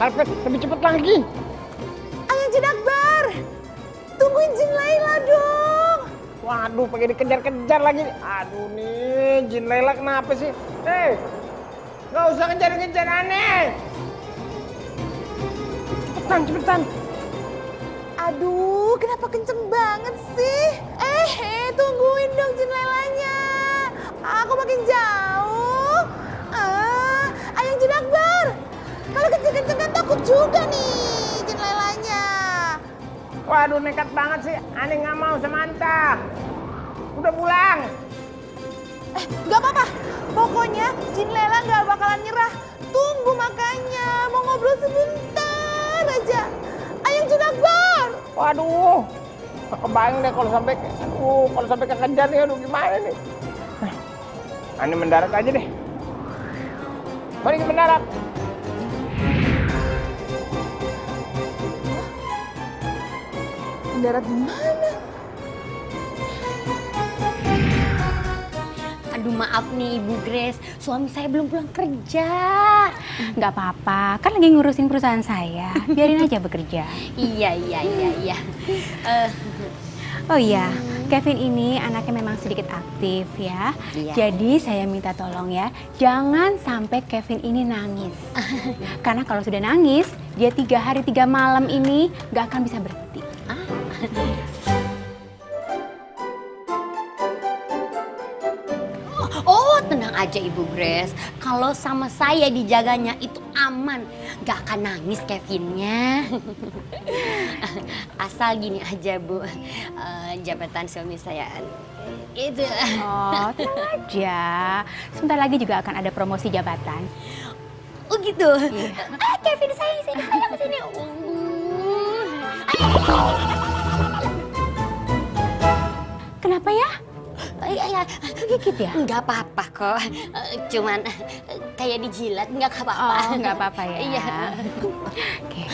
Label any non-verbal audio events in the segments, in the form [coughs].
Karpet, lebih cepat lagi. Ayo Jin Akbar, tungguin Jin Laila dong. Waduh, pakai dikejar-kejar lagi. Aduh nih, Jin Laila kenapa sih? Hei, eh, nggak usah kejar-kejar aneh. Cepetan, cepetan. Aduh, kenapa kenceng banget sih? Eh, eh tungguin dong Jin Lailanya. Aku makin jauh. Ah. Kalau kecil-kecil kan takut juga nih jendelanya. Waduh nekat banget sih, aneh nggak mau Samantha. Udah pulang. Eh, nggak apa-apa. Pokoknya Jin Lela nggak bakalan nyerah. Tunggu makanya, mau ngobrol sebentar aja. Ayo Jin Akbar. Waduh, kebayang deh kalau sampai, uh kalau sampai kekejar nih, ya, aduh gimana nih. ini nah, mendarat aja deh. Mari kita mendarat. mendarat di mana? Aduh maaf nih Ibu Grace, suami saya belum pulang kerja. Nggak apa-apa, kan lagi ngurusin perusahaan saya. Biarin aja bekerja. [laughs] iya, iya, iya, iya. Uh. Oh iya, Kevin ini anaknya memang sedikit aktif ya. Iya. Jadi saya minta tolong ya, jangan sampai Kevin ini nangis. [laughs] Karena kalau sudah nangis, dia tiga hari tiga malam ini nggak akan bisa berhenti. Ah. Oh, oh, tenang aja Ibu Grace. Kalau sama saya dijaganya itu aman. Gak akan nangis Kevinnya. [laughs] Asal gini aja Bu, uh, jabatan suami saya eh, itu. Oh, tenang aja. Sebentar lagi juga akan ada promosi jabatan. Oh gitu? Iya. Ah, Kevin saya, saya, saya kesini. Oh. apa ya? Eh, iya, gigit iya. ya? Enggak apa-apa kok. Eh, cuman eh, kayak dijilat enggak apa-apa. Oh, enggak apa-apa ya. Iya. Oke. [laughs]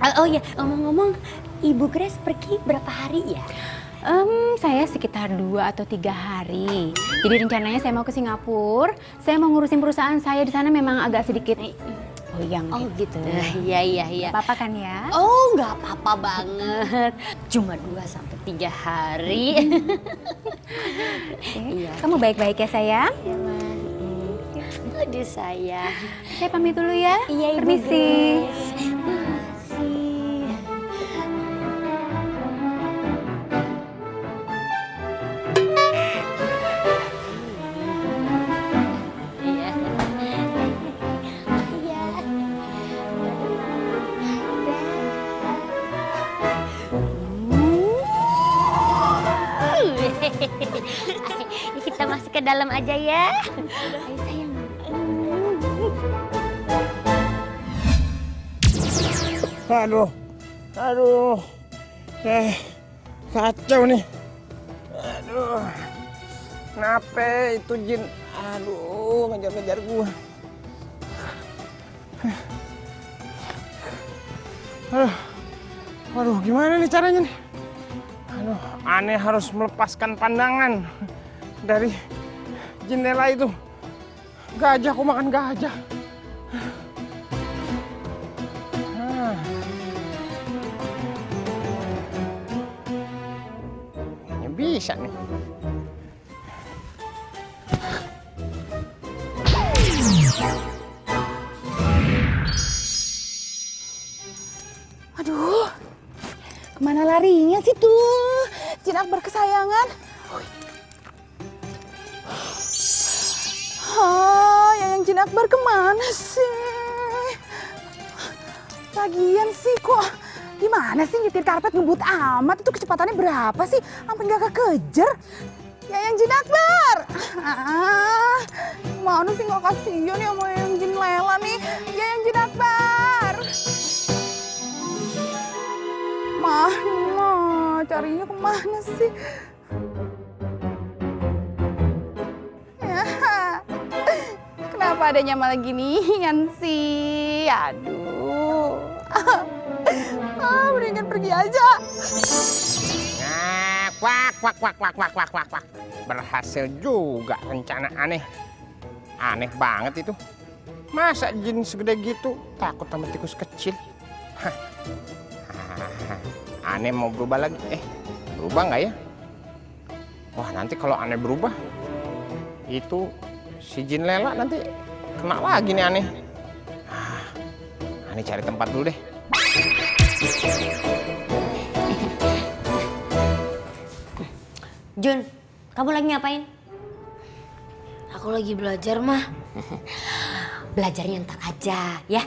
Oh, oh ya, ngomong-ngomong, Ibu Grace pergi berapa hari ya? Um, saya sekitar dua atau tiga hari. Jadi rencananya saya mau ke Singapura. Saya mau ngurusin perusahaan saya di sana memang agak sedikit goyang. Oh gitu. gitu. [laughs] Iya iya iya. Apa kan ya? Oh nggak apa-apa banget. Cuma dua sampai tiga hari. [laughs] okay. iya. Kamu baik-baik ya sayang. Iya mas. Aduh sayang. Saya pamit dulu ya. Iya ibu. Permisi. ke dalam aja ya. Aduh, aduh, eh, kacau nih. Aduh, kenapa itu jin? Aduh, ngejar-ngejar gua. Eh, aduh, aduh, gimana nih caranya nih? Aduh, aneh harus melepaskan pandangan dari jendela itu. Gajah, aku makan gajah. Ini bisa nih. Aduh, kemana larinya sih tuh? jinak berkesayangan Oh, yang Jin Akbar kemana sih? Lagian sih kok gimana sih nyetir karpet ngebut amat itu kecepatannya berapa sih? Sampai gak kekejar. Ya, yang Jin Akbar. Ah, mana sih nggak kasihan ya sama yang Jin Lela nih. Ya yang Jin Akbar. Mana? Carinya kemana sih? Ya apa adanya malah ginian [laughs] sih? Aduh. [laughs] ah, mendingan pergi aja. Nah, wak, wak, wak, wak, wak, wak, wak, wak. Berhasil juga rencana aneh. Aneh banget itu. Masa jin segede gitu takut sama tikus kecil? Hah. Ah, aneh mau berubah lagi. Eh, berubah nggak ya? Wah, nanti kalau aneh berubah, itu si jin lela nanti Kena lagi nih aneh. ini ah, aneh cari tempat dulu deh. Jun, kamu lagi ngapain? Aku lagi belajar, mah. Belajarnya ntar aja, ya.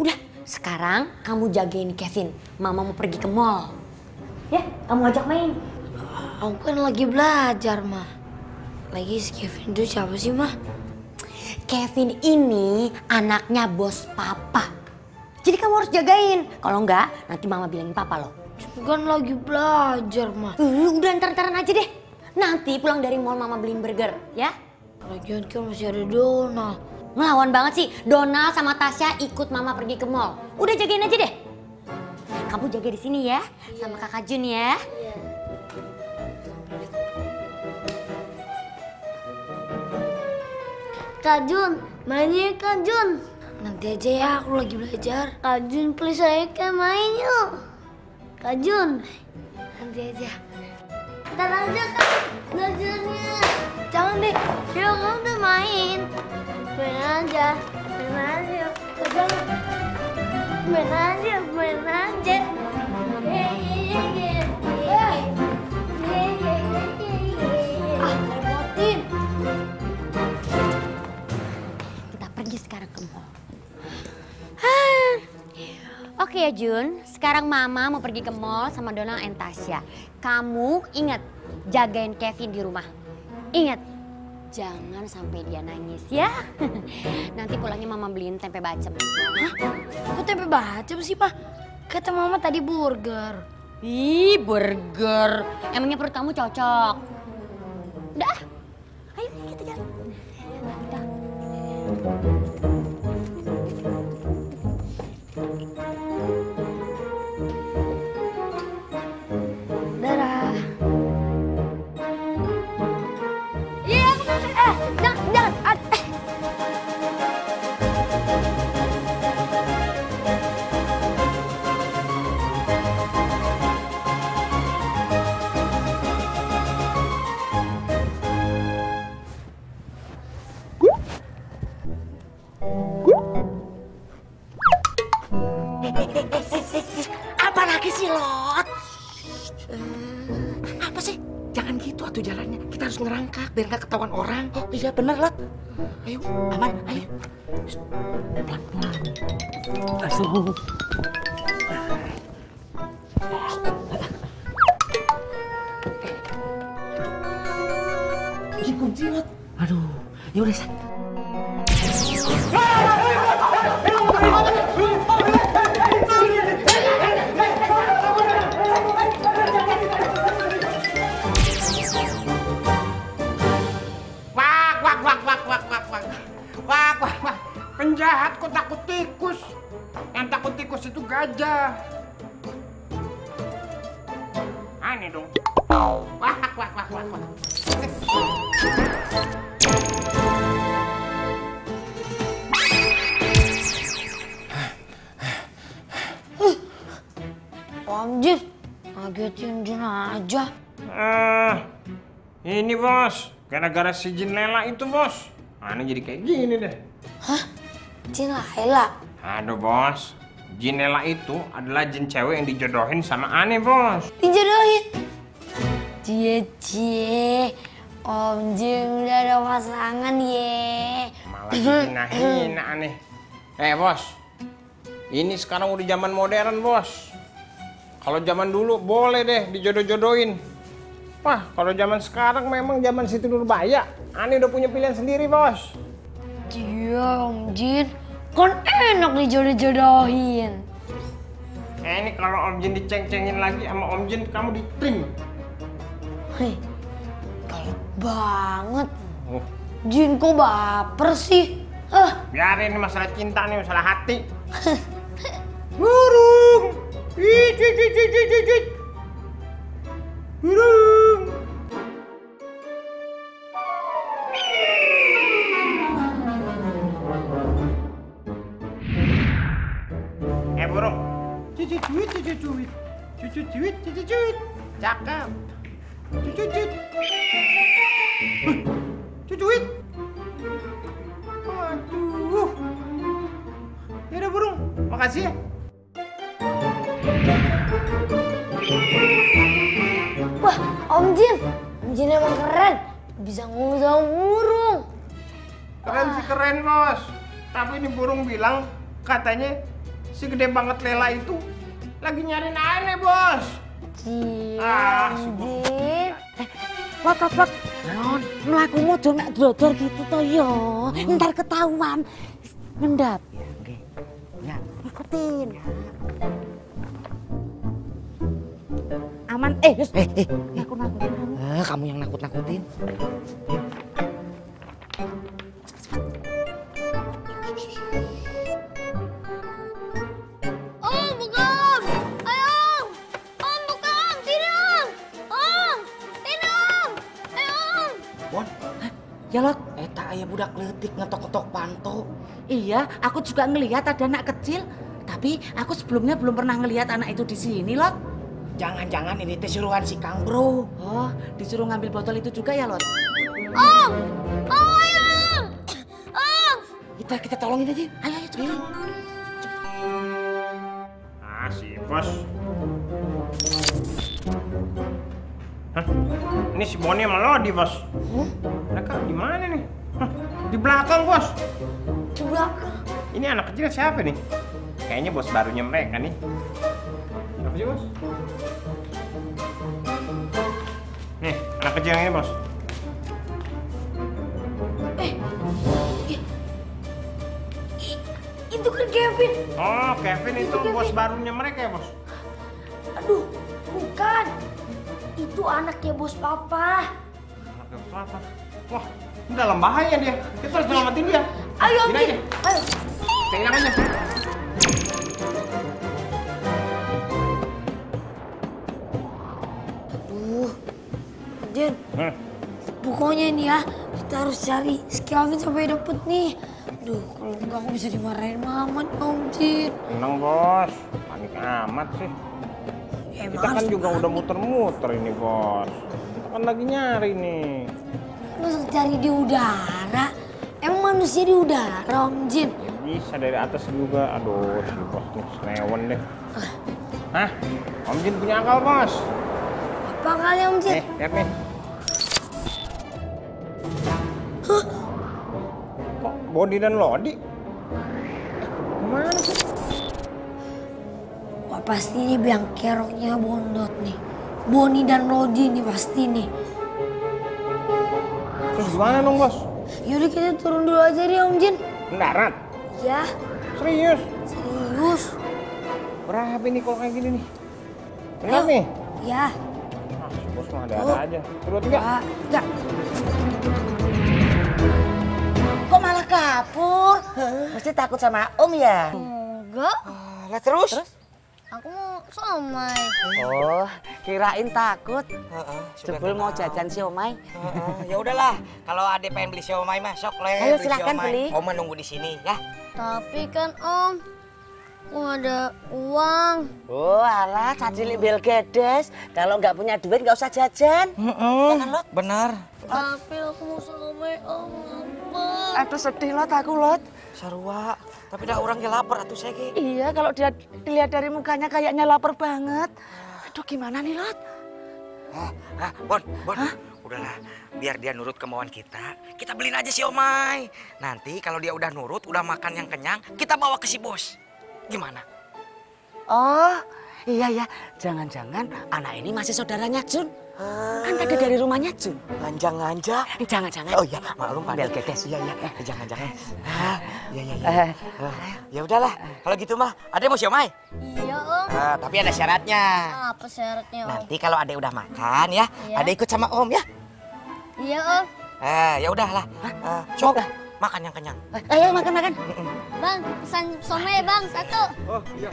Udah, sekarang kamu jagain Kevin. Mama mau pergi ke mall. Ya, kamu ajak main. Aku kan lagi belajar, mah. Lagi si Kevin itu siapa sih, mah? Kevin ini anaknya bos papa. Jadi kamu harus jagain. Kalau enggak, nanti mama bilangin papa loh. Kan lagi belajar, mah. Uh, udah ntar-ntaran aja deh. Nanti pulang dari mall mama beliin burger, ya? Lagian kan masih ada Donald. Melawan banget sih. Donald sama Tasya ikut mama pergi ke mall. Udah jagain aja deh. Kamu jaga di sini ya, sama kakak Jun ya. Iya. Kak Jun, mainnya Kak Jun. Nanti aja ya, aku lagi belajar. Kak Jun, please saya kan main yuk. Kak Jun. Nanti aja. Ntar aja Kak, belajarnya. Jangan deh, yuk kamu udah main. Main aja, main aja yuk. Jangan. Main aja, main aja. Ah, sekarang ke mall. Oke ya Jun, sekarang Mama mau pergi ke mall sama Donald and Tasya. Kamu ingat jagain Kevin di rumah. Ingat, jangan sampai dia nangis ya. [laughs] Nanti pulangnya Mama beliin tempe bacem. Hah? Kok tempe bacem sih, Pak? Kata Mama tadi burger. Ih, burger. Emangnya perut kamu cocok? Iya bener lah Ayo, aman, ayo. Pelan-pelan. Aduh. Anjir, ngagetin Jun aja. Eh, ini bos, gara-gara si Jin Lela itu bos. Mana ah, jadi kayak gini deh. Hah? Jin Lela? Aduh bos, Jin Lela itu adalah jin cewek yang dijodohin sama Ani bos. Dijodohin? Cie cie. Om Jim udah ada pasangan ye. Malah hina-hina aneh. Eh bos, ini sekarang udah zaman modern bos. Kalau zaman dulu boleh deh dijodoh-jodohin. Wah, kalau zaman sekarang memang zaman situ Nurbaya. Ani udah punya pilihan sendiri bos. Iya Om Jin, kan enak dijodoh-jodohin. Eh ini kalau Om Jin diceng-cengin lagi sama Om Jin, kamu dipring. Hei, galak banget. Oh. Jin kok baper sih? Uh. Biarin masalah cinta nih, masalah hati. [laughs] Burung. Burung. Eh burung. Cucu cuit, cucu cuit. Cucu cuit, cucu cuit. Cakep cucu cucu Cucuit. Aduh. Ya udah burung, makasih ya. Wah, Om Jin. Om Jin emang keren. Bisa ngomong sama burung. Keren sih keren, Bos. Tapi ini burung bilang katanya si gede banget Lela itu lagi nyariin aneh, Bos. Gila. Ah, Eh, wak, wak, wak. Non, melakumu cuma dodor gitu toh yo. Hmm. Ntar ketahuan. Ngendap. Ya, oke. Ya. Ikutin. Ya. Aman. Eh, eh, eh, eh. Nakut-nakutin kamu. Eh, kamu yang nakut-nakutin. Jalot. Ya, Eta eh, ayah budak letik ngetok ngetok panto. Iya, aku juga ngelihat ada anak kecil. Tapi aku sebelumnya belum pernah ngelihat anak itu di sini, Lot. Jangan-jangan ini teh suruhan si Kang Bro. Oh, disuruh ngambil botol itu juga ya, Lot? Om! Om, ayo! Om! Kita, kita tolongin aja. Ayo, ayo, cepet. Ah, si bos. Hah? Ini si Boni melodi, bos. Huh? kak di mana nih? di belakang bos. Di belakang. Ini anak kecil siapa nih? Kayaknya bos barunya mereka nih. Siapa sih bos? Nih, anak kecil ini bos. Eh, itu kan Kevin. Oh, Kevin itu, itu Kevin. bos barunya mereka ya bos? Aduh, bukan. Itu anaknya bos papa. Anaknya bos papa. Wah, ini dalam bahaya dia. Kita harus selamatin dia. Ayo, Om Jin. Ayo. Pegang aja. Aduh. Jin. Hmm? Pokoknya ini ya, kita harus cari skill sampai dapet nih. Aduh, kalau enggak aku bisa dimarahin Mamat, Om Jin. Tenang, Bos. Panik amat sih. Ya, kita kan juga udah muter-muter ini, Bos. Kita kan lagi nyari nih masuk cari di udara? Emang manusia di udara, Om Jin? bisa dari atas juga. Aduh, sumpah. bos nih, deh. Hah? Om Jin punya akal, Bos. Apa kali ya, Om Jin? Nih, lihat nih. Hah? Kok Bodi dan Lodi? Gimana sih? Wah, pasti ini biang keroknya bondot nih. Boni dan Lodi nih pasti nih. Gimana dong bos? Yuri kita turun dulu aja deh Om Jin. Mendarat? Ya. Serius? Serius. Berapa ini kalau kayak gini nih? Berapa nih? Ya. Nah, bos mau ada-ada oh. aja. Turun tiga? Ya, tiga. Kok malah kapur? Mesti takut sama Om ya? Enggak. Ah, lah terus? Terus? Aku mau somai. Oh, kirain takut. Heeh, Jebul mau jajan siomay. Heeh, ya udahlah. Kalau Ade pengen beli siomay mah sok le. Ayo silahkan beli. Oma nunggu di sini ya. Tapi kan Om, aku ada uang. Oh alah, caci bel gedes. Kalau nggak punya duit nggak usah jajan. Mm -mm. Kan, Lot? Benar. Tapi aku mau sama om apa? Aduh eh, sedih Lot aku Lot. Sarua, tapi dah orang yang lapar atau saya Iya, kalau dia dilihat dari mukanya kayaknya lapar banget. Aduh gimana nih Lot? Ah, ah, Bon, Bon. Hah? Udahlah, biar dia nurut kemauan kita, kita beliin aja si Omai. Nanti kalau dia udah nurut, udah makan yang kenyang, kita bawa ke si bos. Gimana? Oh, iya ya. Jangan-jangan anak ini masih saudaranya Jun. Ah. Kan tadi dari rumahnya Jun. Anjang-anjang. Eh, jangan-jangan. Oh iya, maklum Pak. Del kekes Iya, iya. Eh, jangan-jangan. Eh. Ah, iya, iya, iya. Ya udahlah, kalau gitu mah, ada mau siomay? Iya, Om. Uh, tapi ada syaratnya. Apa syaratnya, Om? Nanti kalau Ade udah makan ya, iya. Ade ikut sama Om ya. Iya, Om. Eh, ya udahlah. Uh, makan yang kenyang. Eh, ayo makan makan. Bang, pesan somai ya, bang satu. Oh iya.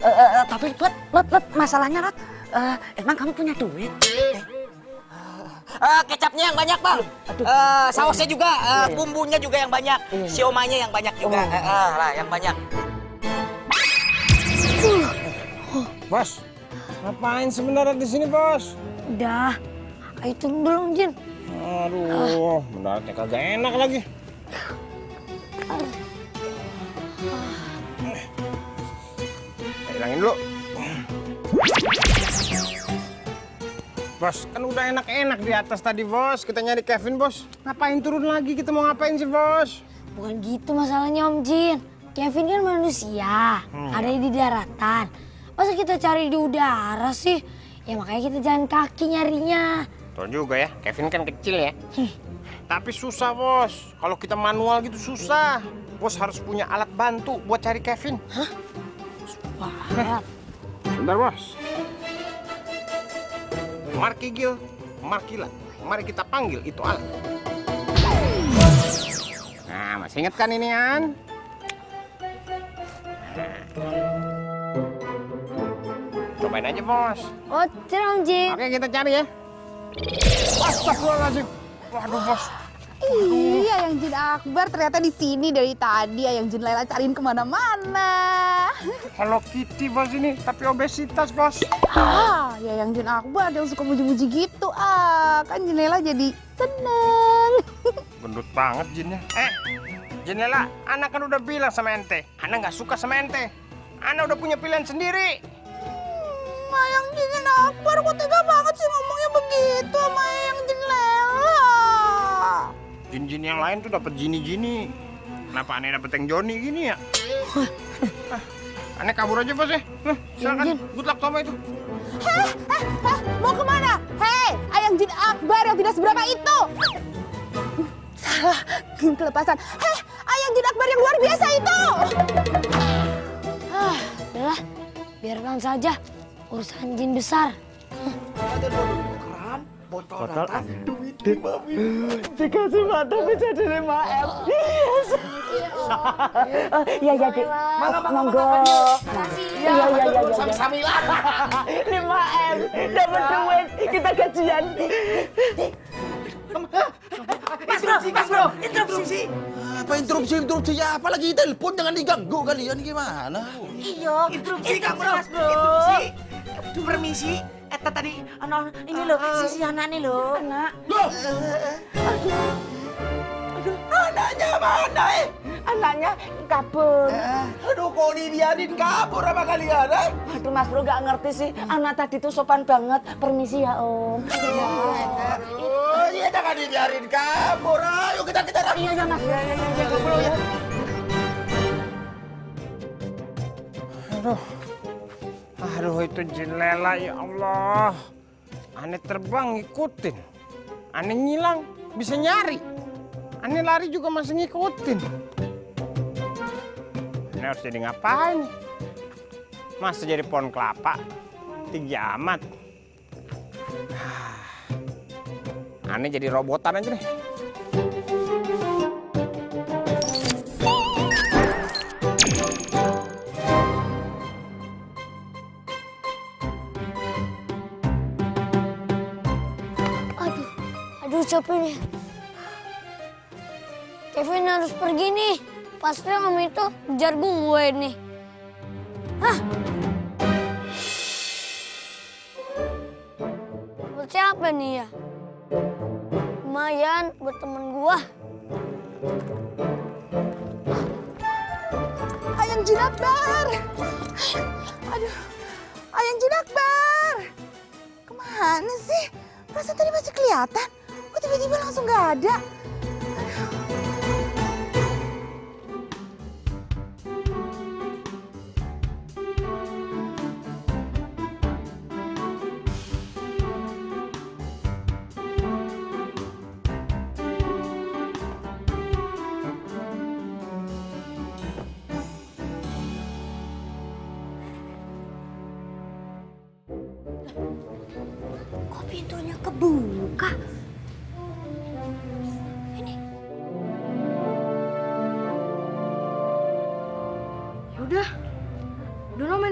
Uh, uh, tapi buat buat buat masalahnya let, uh, emang kamu punya duit? Eh. Uh, kecapnya yang banyak bang, Aduh. Uh, sausnya juga, uh, bumbunya juga yang banyak, iya. siomanya yang banyak juga, uh, uh, lah yang banyak. Bos, ngapain sebenarnya di sini bos? Udah, itu belum Jin. Aduh, mendaratnya ah. kagak enak lagi. Hilangin dulu. Bos, kan udah enak-enak di atas tadi, Bos. Kita nyari Kevin, Bos. Ngapain turun lagi? Kita mau ngapain sih, Bos? Bukan gitu masalahnya, Om Jin. Kevin kan manusia, hmm. ada di daratan. Masa kita cari di udara sih? Ya makanya kita jalan kaki nyarinya. Betul juga ya, Kevin kan kecil ya. Tapi susah, Bos. Kalau kita manual gitu susah. Bos harus punya alat bantu buat cari Kevin. Hah? Wah. Bentar, Bos. Gil, Markila. Mari kita panggil itu alat. Nah, masih inget kan ini, An? Cobain aja, Bos. Oh, cerong, Oke, kita cari ya. Astagfirullahaladzim. Waduh, Bos. Iya, yang Jin Akbar ternyata di sini dari tadi Yang Jin Lela cariin kemana-mana. Hello Kitty bos ini, tapi obesitas bos. Ah, ya yang Jin Akbar yang suka muji-muji gitu ah, kan Jin Lela jadi seneng. Gendut banget Jinnya. Eh, Jin Lela, anak kan udah bilang sama ente, anak nggak suka sama ente. Anak udah punya pilihan sendiri. Hmm, Ayang Jin Akbar kok tega banget sih ngomongnya begitu sama yang Jin jin-jin yang lain tuh dapat jini-jini kenapa aneh dapat yang Joni gini ya [laughs] aneh kabur aja pas ya nah, silakan good luck sama itu Hah? Eh, eh, mau kemana? Hei, ayang jin akbar yang tidak seberapa itu. Salah, kelepasan. Hei, ayang jin akbar yang luar biasa itu. Ah, udahlah, biarkan saja urusan jin besar. Hah botol rata duit lima m. dikasih mak tapi jadi lima m yes iya iya dik iya. monggo iya iya iya iya sami iya. samilan lima m dapat duit kita gajian Mas bro, mas bro, interupsi. Apa interupsi, interupsi ya? Apalagi telepon jangan diganggu kalian gimana? Iya, interupsi, interupsi, mas bro. Interupsi, permisi. Eh, tadi, anak anu, ini ah, ah. loh, si si anak ini loh. Anak. Aduh. Anaknya mana eh? Anaknya kabur. Eh, aduh, kok biarin kabur apa kalian eh? Aduh, Mas Bro gak ngerti sih. Anak tadi tuh sopan banget. Permisi ya, Om. Oh, iya, Aduh, iya jangan dibiarin kabur. Ayo kita kita. Iya, iya, Mas. Iya, iya, iya, iya, ya. Aduh. Aduh itu jelela ya Allah. Aneh terbang ngikutin. Aneh ngilang bisa nyari. Aneh lari juga masih ngikutin. Aneh harus jadi ngapain? Masa jadi pohon kelapa? Tinggi amat. Ah. Aneh jadi robotan aja deh. capek nih. Kevin harus pergi nih. Pasti om itu ngejar gue nih. Hah? Buat siapa nih ya? Lumayan buat temen gue. Ayang jinak bar. Aduh, ayang jinak bar. Kemana sih? Perasaan tadi masih kelihatan kok tiba-tiba langsung nggak ada?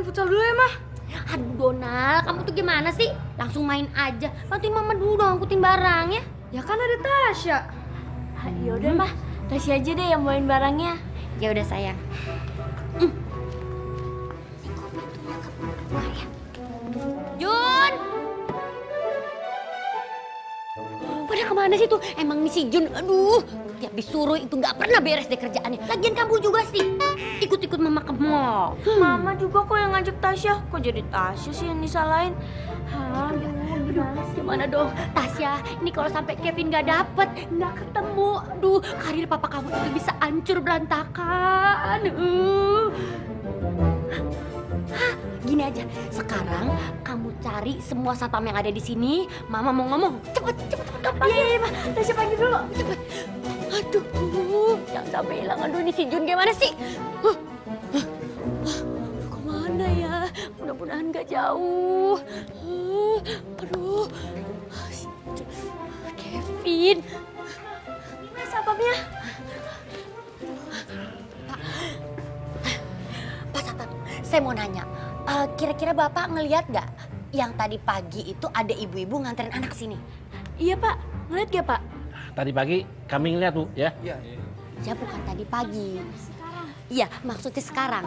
futsal dulu ya, Mah. Aduh, Donal, kamu tuh gimana sih? Langsung main aja. Bantuin Mama dulu dong angkutin barang ya. Ya kan ada Tasya. Ah, ya udah, hmm. Mah. Tasya aja deh yang bawain barangnya. Ya udah, sayang. Hmm. Jun! Pada kemana sih tuh? Emang misi si Jun, aduh. Tiap disuruh itu nggak pernah beres deh kerjaannya. Lagian kamu juga sih. Hmm. Mama juga kok yang ngajak Tasya. Kok jadi Tasya sih yang disalahin? Hah, gimana dong? Tasya, ini kalau sampai Kevin nggak dapet, nggak ketemu. Aduh, karir papa kamu itu bisa hancur berantakan. Uh. Hah, gini aja, sekarang kamu cari semua satpam yang ada di sini. Mama mau ngomong, cepet, cepet, cepet. Iya, iya, iya, Tasya pagi dulu, cepet. Aduh, jangan sampai hilang. Aduh, ini si Jun gimana sih? Huh. Mudah-mudahan gak jauh. Aduh. Kevin. Gimana sababnya? Pak Satan, saya mau nanya. Eh, kira-kira uh, Bapak ngeliat gak yang tadi pagi itu ada ibu-ibu nganterin anak sini? Iya Pak, ngeliat gak Pak? Tadi pagi kami ngeliat Bu, ya? Iya. Ya bukan tadi pagi. Iya, maksudnya sekarang.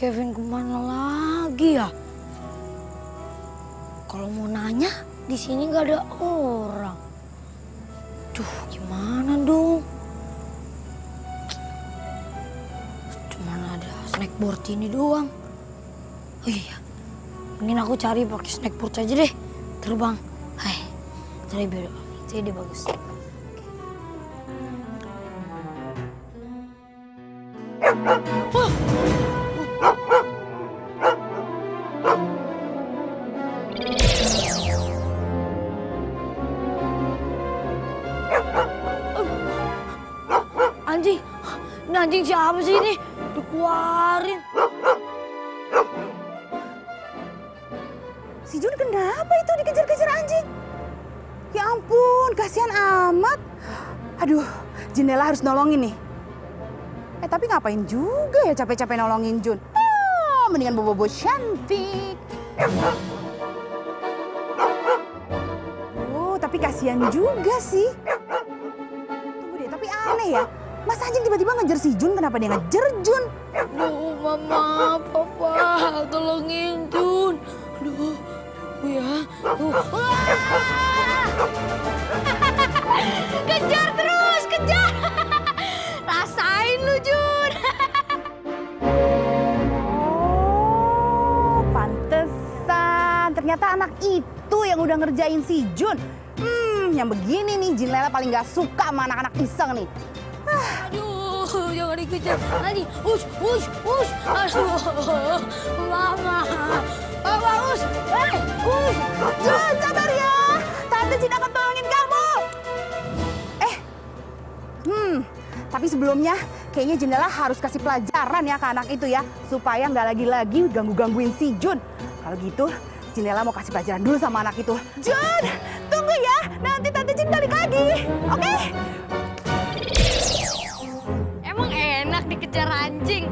Kevin kemana lagi ya? Kalau mau nanya, di sini nggak ada orang. Duh, gimana dong? Cuman ada snack board ini doang. Oh iya, mungkin aku cari pakai snack board aja deh. Terbang. Hai, eh, cari biru. Itu bagus. anjing siapa sih ini? Dikeluarin. Si Jun kenapa itu dikejar-kejar anjing? Ya ampun, kasihan amat. Aduh, jendela harus nolongin nih. Eh tapi ngapain juga ya capek-capek nolongin Jun? Ah, mendingan bobo-bobo cantik. Oh, tapi kasihan juga sih. Tunggu deh, tapi aneh ya. Mas Anjing tiba-tiba ngejar si Jun, kenapa dia ngejar Jun? Aduh, Mama, Papa, tolongin Jun. aduh ya. Duh. [laughs] kejar terus, kejar. [laughs] Rasain lu, Jun. oh, pantesan. Ternyata anak itu yang udah ngerjain si Jun. Hmm, yang begini nih, Jin Lela paling gak suka sama anak-anak iseng nih. বাড়ি গেছে আরে us, us. us, Jun sabar ya tante Cina akan tolongin kamu eh hmm tapi sebelumnya kayaknya jendela harus kasih pelajaran ya ke anak itu ya supaya nggak lagi-lagi ganggu-gangguin si Jun kalau gitu Jendela mau kasih pelajaran dulu sama anak itu. Jun, tunggu ya. Nanti Tante Jin balik lagi. Oke? Okay? dikejar anjing.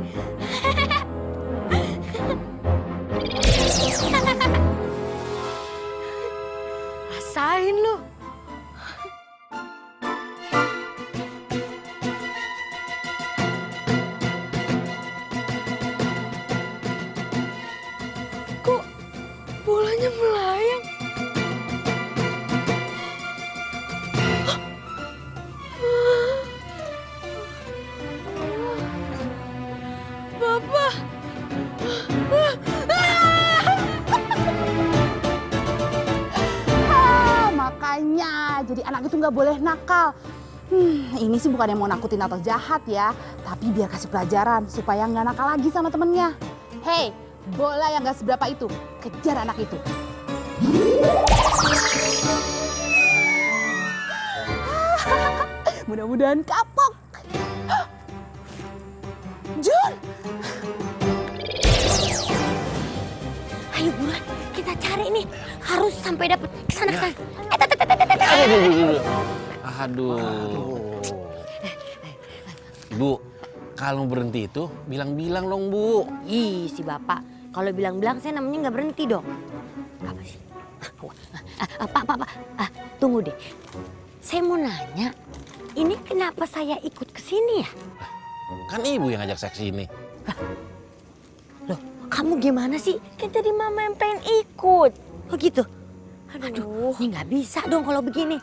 [laughs] Rasain lu. [laughs] Ah, makanya jadi anak itu nggak boleh nakal. Hmm, ini sih bukan yang mau nakutin atau jahat ya, tapi biar kasih pelajaran supaya nggak nakal lagi sama temennya. Hey, bola yang nggak seberapa itu, kejar anak itu. [laughs] Mudah-mudahan kapok. Jun! Ayo buruan, kita cari nih. Harus sampai dapat ke sana ke sana. Aduh. Bu, kalau berhenti itu bilang-bilang dong, Bu. Ih, si Bapak. Kalau bilang-bilang saya namanya nggak berhenti dong. Apa sih? Pak, Pak, Pak. Ah, tunggu deh. Saya mau nanya, ini kenapa saya ikut ke sini ya? Kan ibu yang ngajak saya ke sini. Loh, kamu gimana sih? Kan tadi mama yang pengen ikut. Oh gitu? Aduh, Aduh ini nggak bisa dong kalau begini.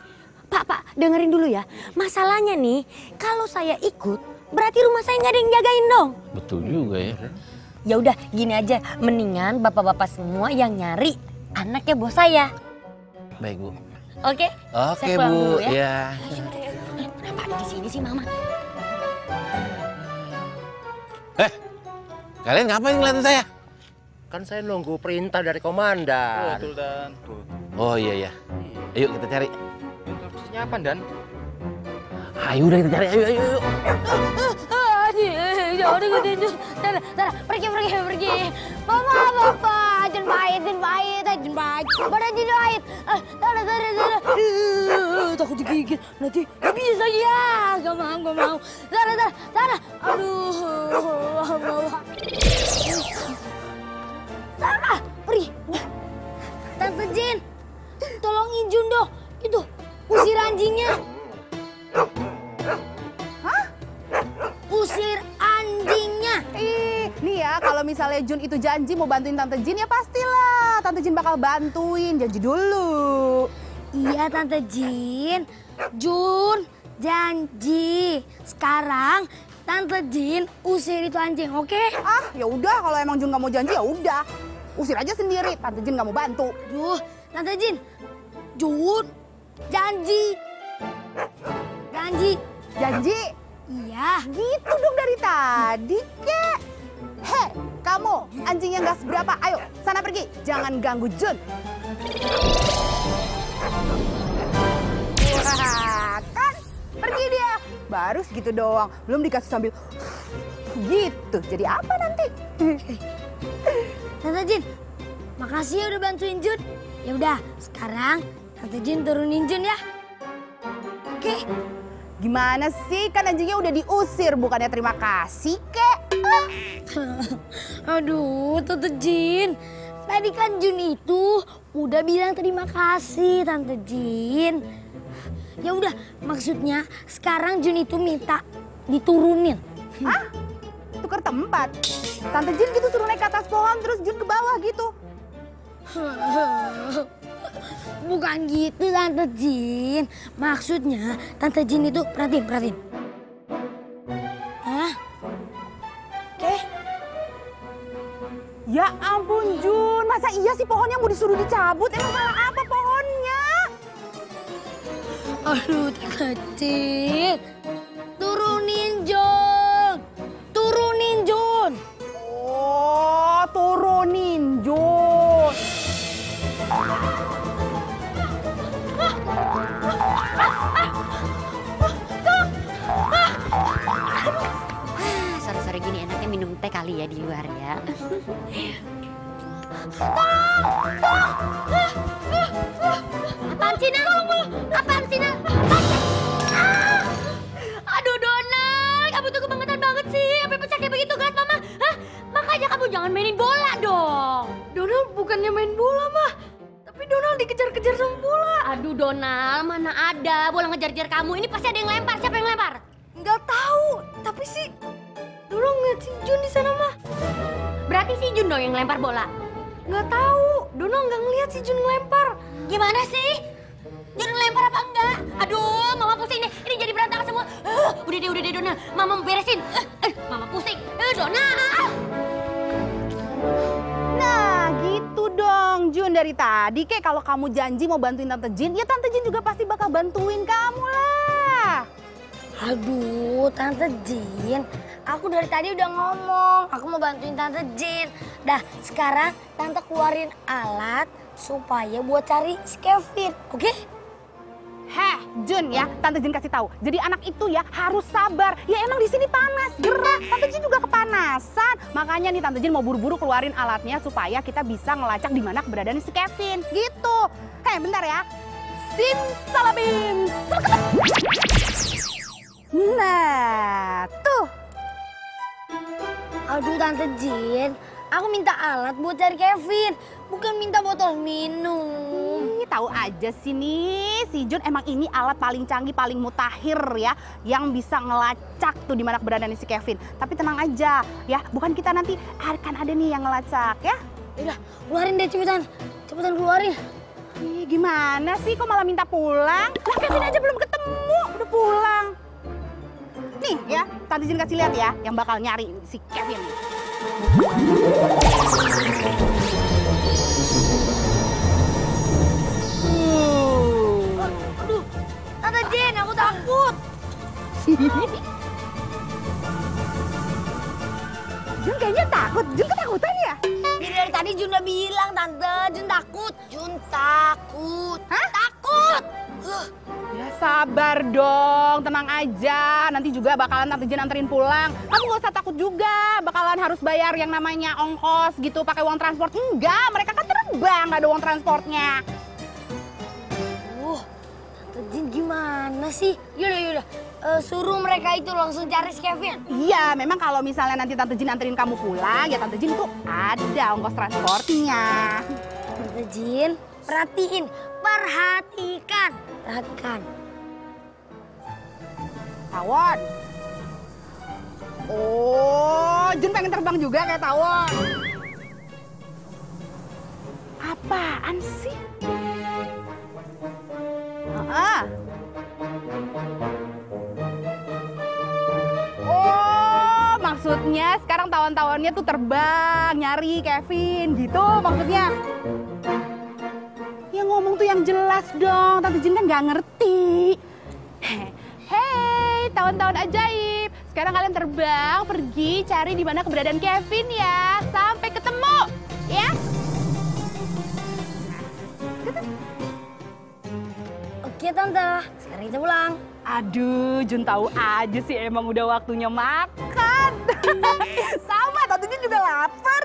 Pak, pak, dengerin dulu ya. Masalahnya nih, kalau saya ikut, berarti rumah saya nggak ada yang jagain dong. Betul juga ya. Ya udah, gini aja. Mendingan bapak-bapak semua yang nyari anaknya bos saya. Baik, Bu. Oke? Oke, Bu. Dulu ya. Iya. Kenapa di sini sih, Mama? Eh, Kalian ngapain ngeliatin saya? Kan saya nunggu perintah dari komandan. Oh, betul, Dan. Oh iya, iya, iya. Ayo kita cari. Instruksinya apa, Dan? Ayo udah kita cari, ayo, ayo, ayo. Jangan ikutin, Tara tara pergi, pergi, pergi. Mama, papa, jangan pahit, jangan pahit, jangan pahit. Badan jadi pahit. Dara, eh, Dara, Dara takut digigit nanti gak bisa ya gak mau gak mau Zara Zara Zara aduh Zara pergi Tante Jin tolong Jun dong itu usir anjingnya Hah? usir anjingnya ih nih ya kalau misalnya Jun itu janji mau bantuin Tante Jin ya pastilah Tante Jin bakal bantuin janji dulu Iya Tante Jin. Jun janji sekarang Tante Jin usir itu anjing, oke? Okay? Ah, ya udah kalau emang Jun nggak mau janji ya udah. Usir aja sendiri, Tante Jin nggak mau bantu. Duh, Tante Jin. Jun janji. Janji. Janji? Iya. Gitu dong dari tadi, kek. Hei, kamu anjing yang gas seberapa, ayo sana pergi. Jangan ganggu Jun kan pergi dia. Baru segitu doang, belum dikasih sambil gitu. Jadi apa nanti? Tante Jin, makasih ya udah bantuin Jun. Ya udah, sekarang Tante Jin turunin Jun ya. Oke. Gimana sih? Kan anjingnya udah diusir, bukannya terima kasih, kek. [laughs] Aduh, Tante Jin. Tadi kan Jun itu Udah bilang terima kasih Tante Jin. Ya udah, maksudnya sekarang Jun itu minta diturunin. Hah? Tukar tempat? Tante Jin gitu suruh naik ke atas pohon terus Jun ke bawah gitu. [laughs] Bukan gitu Tante Jin. Maksudnya Tante Jin itu perhatiin, perhatiin. Ya ampun Jun, masa iya sih pohonnya mau disuruh dicabut? Emang salah apa pohonnya? Aduh, kecil. capek kali ya di luar ya. Apaan sih, Apaan sih, ah! Aduh, Donald, kamu tuh kebangetan banget sih. Apa pecah kayak begitu, kan Mama. Hah? Makanya kamu jangan mainin bola dong. Donald bukannya main bola, Mah. Tapi Donald dikejar-kejar sama bola. Aduh, Donald, mana ada bola ngejar-kejar kamu. Ini pasti ada yang lempar. Siapa yang lempar? Nggak tahu, tapi sih Doro ngeliat si Jun di sana mah. Berarti si Jun dong yang lempar bola. Nggak tahu, Dono nggak ngeliat si Jun lempar. Gimana sih? Jun lempar apa enggak? Aduh, mama pusing nih. Ini jadi berantakan semua. Uh, udah deh, udah deh Dona. Mama beresin. Uh, uh, mama pusing. Uh, Dona. Nah, gitu dong Jun dari tadi. Kayak kalau kamu janji mau bantuin Tante Jin, ya Tante Jin juga pasti bakal bantuin kamu lah. Aduh, Tante Jin, Aku dari tadi udah ngomong, aku mau bantuin Tante Jin. Dah, sekarang Tante keluarin alat supaya buat cari si Kevin, oke? Okay? Heh, Jun ya, Tante Jin kasih tahu. Jadi anak itu ya harus sabar. Ya emang di sini panas, gerah. Tante Jin juga kepanasan. Makanya nih Tante Jin mau buru-buru keluarin alatnya supaya kita bisa ngelacak di mana keberadaan si Kevin. Gitu. Heh, bentar ya. salabim. Nah, tuh Aduh Tante Jin, aku minta alat buat cari Kevin, bukan minta botol minum. Hmm, tahu aja sih nih, si Jun emang ini alat paling canggih, paling mutakhir ya, yang bisa ngelacak tuh di mana keberadaan si Kevin. Tapi tenang aja ya, bukan kita nanti akan ada nih yang ngelacak ya. Udah, keluarin deh cepetan, cepetan keluarin. Ih, gimana sih kok malah minta pulang? Lah Kevin aja belum ketemu, udah pulang. Nih ya, Tante Jin kasih lihat ya yang bakal nyari si Kevin. Aduh, Tante Jin, aku takut. [laughs] Jun kayaknya takut. Jun ketakutan ya? Dari, dari tadi Jun udah bilang, Tante. Jun takut. Jun takut. Hah? Takut! Ya sabar dong, tenang aja. Nanti juga bakalan Tante Jun anterin pulang. Kamu gak usah takut juga. Bakalan harus bayar yang namanya ongkos gitu, pakai uang transport. Enggak, mereka kan terbang, gak ada uang transportnya. Uh, Tante Jun gimana sih? Yaudah, yaudah uh, suruh mereka itu langsung cari si Kevin? Iya, memang kalau misalnya nanti Tante Jin anterin kamu pulang, ya Tante Jin tuh ada ongkos transportnya. Tante Jin, perhatiin, perhatikan, perhatikan. Tawon. Oh, Jin pengen terbang juga kayak Tawon. Apaan sih? Ah, Maksudnya sekarang tawan-tawannya tuh terbang, nyari Kevin gitu maksudnya. Ya ngomong tuh yang jelas dong, Tante Jin kan nggak ngerti. [laughs] Hei, tawan-tawan ajaib. Sekarang kalian terbang, pergi cari di mana keberadaan Kevin ya. Sampai ketemu, ya. Oke tante, sekarang kita pulang. Aduh, Jun tahu aja sih emang udah waktunya makan makan. [laughs] Sama, Tante Jin juga lapar.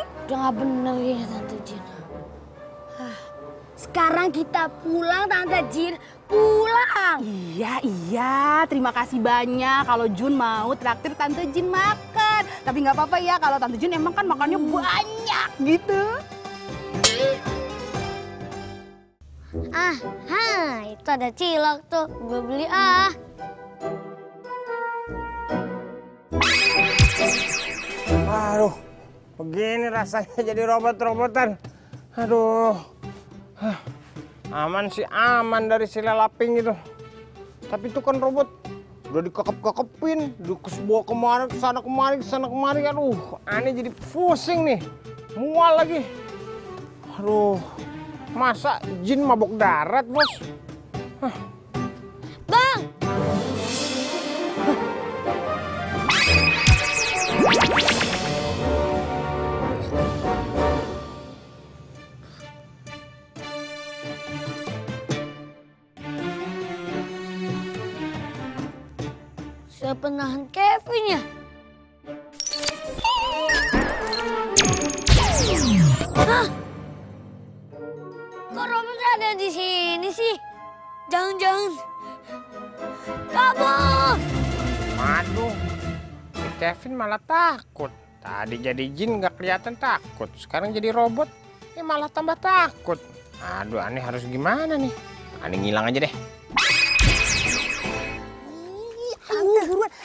Udah gak bener ya Tante Jin. Sekarang kita pulang Tante Jin, pulang. Iya, iya. Terima kasih banyak kalau Jun mau traktir Tante Jin makan. Tapi nggak apa-apa ya kalau Tante Jun emang kan makannya hmm. banyak gitu. Ah, ha, itu ada cilok tuh. Gue beli ah. Aduh, begini rasanya jadi robot-robotan. Aduh, aman sih aman dari si lelaping itu. Tapi itu kan robot udah dikekep-kekepin, dibawa kemari, kesana kemari, kesana kemari. Aduh, aneh jadi pusing nih, mual lagi. Aduh, masa jin mabok darat bos? Hah. takut. Tadi jadi jin nggak kelihatan takut. Sekarang jadi robot, ini malah tambah takut. Aduh, aneh harus gimana nih? Aneh ngilang aja deh.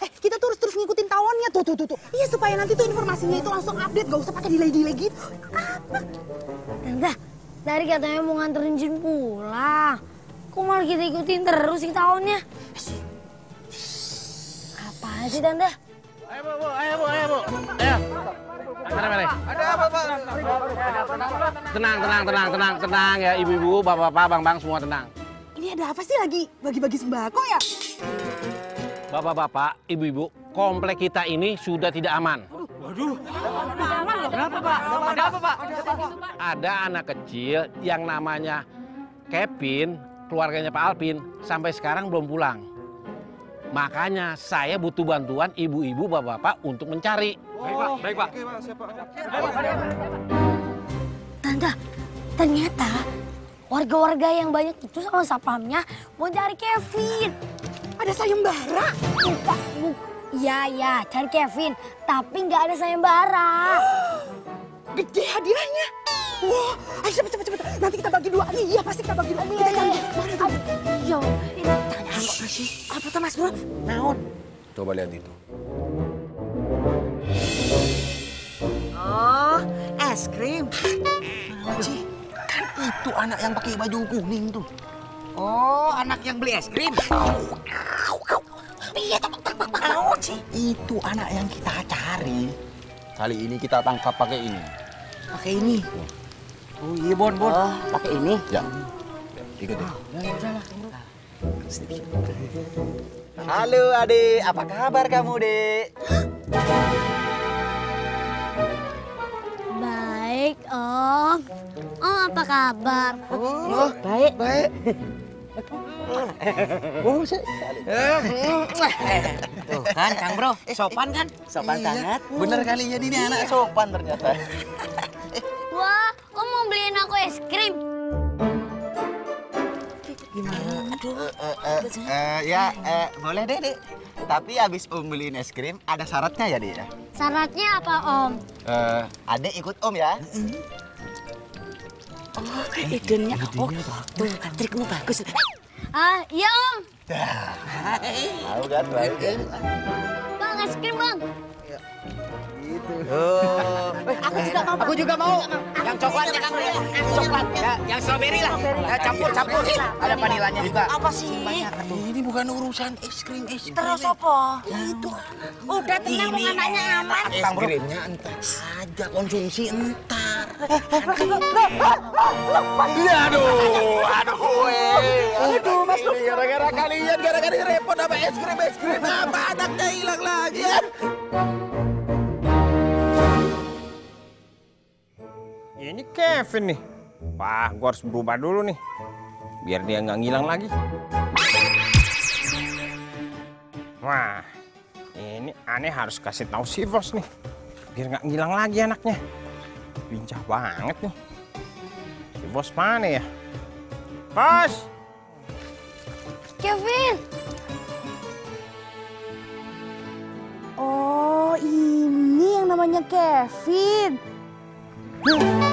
Eh, kita terus terus ngikutin tawonnya tuh, tuh, tuh, tuh. Iya, supaya nanti tuh informasinya itu langsung update. Gak usah pakai delay-delay gitu. Apa? Tante, dari katanya mau nganterin jin pulang. Kok malah kita ikutin terus si tawonnya? Apa sih, Tante? Ayo bu, ayo bu, ayo bu. Ayo. Mari, mari. Ada apa, Pak? Tenang, tenang, tenang, tenang, tenang ya ibu-ibu, bapak-bapak, bang-bang semua tenang. Ini ada apa sih lagi bagi-bagi sembako ya? Bapak-bapak, ibu-ibu, komplek kita ini sudah tidak aman. Waduh. Tidak aman Kenapa, Pak? Ada apa, Pak? Ada anak kecil yang namanya Kevin, keluarganya Pak Alvin, sampai sekarang belum pulang. Makanya saya butuh bantuan ibu-ibu, bapak-bapak untuk mencari. baik pak, baik pak. Tante, ternyata warga-warga yang banyak itu sama sapamnya mau cari Kevin. Ada sayembara? Buka, Ya, ya, cari Kevin. Tapi nggak ada sayembara. [gasps] Gede hadiahnya. Wah, ayo cepet, cepet, cepet. Nanti kita bagi dua. Iya, pasti kita bagi dua. Kita iya, iya, cari. Ya, apa sih? Apa tuh Mas Bro? Naon? Coba lihat itu. Oh, es krim. Cih, kan itu anak yang pakai baju kuning tuh. Oh, anak yang beli es krim. Iya, Naon sih? Itu anak yang kita cari. Kali ini kita tangkap pakai ini. Pakai ini? Hmm. Oh iya, Bon, Bon. Oh, pakai ini? Ya. Ikut ah, ya. Ya, ya, ya, Halo adik, apa kabar kamu dek? Baik om. Om apa kabar? Oh, oh baik. Baik. Oh, Tuh kan, Kang Bro, sopan kan? Sopan iya. banget. Oh. Bener kali jadi ini anak sopan ternyata. Wah, kok mau beliin aku es krim. Gimana? Eh, aduh. Uh, uh, uh, ya, eh, boleh deh, Dek. Tapi abis Om beliin es krim, ada syaratnya ya, Dek? Ya? Syaratnya apa, Om? Eh, Adek ikut Om ya. Mm-hmm. Oh, eh, idenya. Oh, tuh, trikmu bagus. Ah, iya, Om. Tahu kan, baik. Kan? Bang, es krim, Bang. Ya. Gitu. Oh. Eh, aku juga mau. Aku juga Yang coklatnya Kang. Iya. Coklat. Ya, yang stroberi lah. Ya, campur campur. Ada vanilanya juga. Apa sih? Ini bukan urusan es krim es krim. Terus apa? Ya, Itu. Udah tenang anaknya aman. Es krimnya entar aja konsumsi entar. Eh, eh, iya aduh, aduh. Aduh, Mas Gara-gara kalian, gara-gara repot apa es krim es krim apa anaknya hilang lagi. Ya? Ya, ini Kevin nih. Wah, gua harus berubah dulu nih. Biar dia nggak ngilang lagi. Wah, ini aneh harus kasih tahu si bos nih. Biar nggak ngilang lagi anaknya. Pincah banget nih. Si bos mana ya? Bos! Kevin! Oh, ini yang namanya Kevin. Amber. [laughs]